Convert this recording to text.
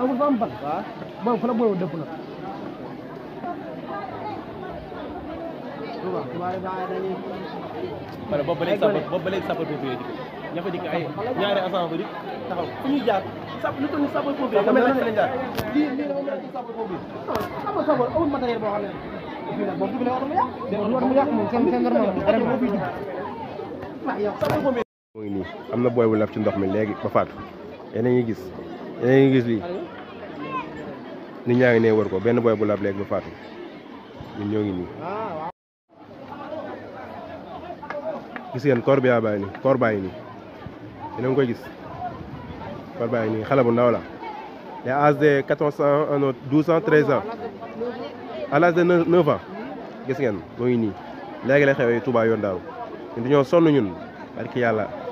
amul fa am ban. waaw moom fa la booyoo dëpp nag. waaw waaye daal dañuy. pare boobu ba léegi sàpp boobu ba léegi sàpp foofu yooyu ña fa dikk ay ñaari agent ba di taxaw fu ñuy jaar sàpp lu toll nii sàpp foofu yooyu. dama la laaj fa lañ jaar lii lii dama mën a ci sàpp foofu yi. xam nga sàpp amul matériel boo xam ne. moo am na booy bu lab ci ndox mi léegi ba faatu yéen a ngi gis a gis lii nit ñaa ngi ne wër ko benn booy bu lab léegi ba faatu ñun ñoo ngi nii gis ngeen koor bi yaa bàyyi koor bàyyi nii yéen a ngi koy gis koor bàyyi nii xale bu ndaw la les âge de quatorze ans douze ans treize ans à l'âge de neuf ans gis ngeen moo ngi nii léegi la xewee Touba yoon daaw ñun dañoo sonn ñun barki yàlla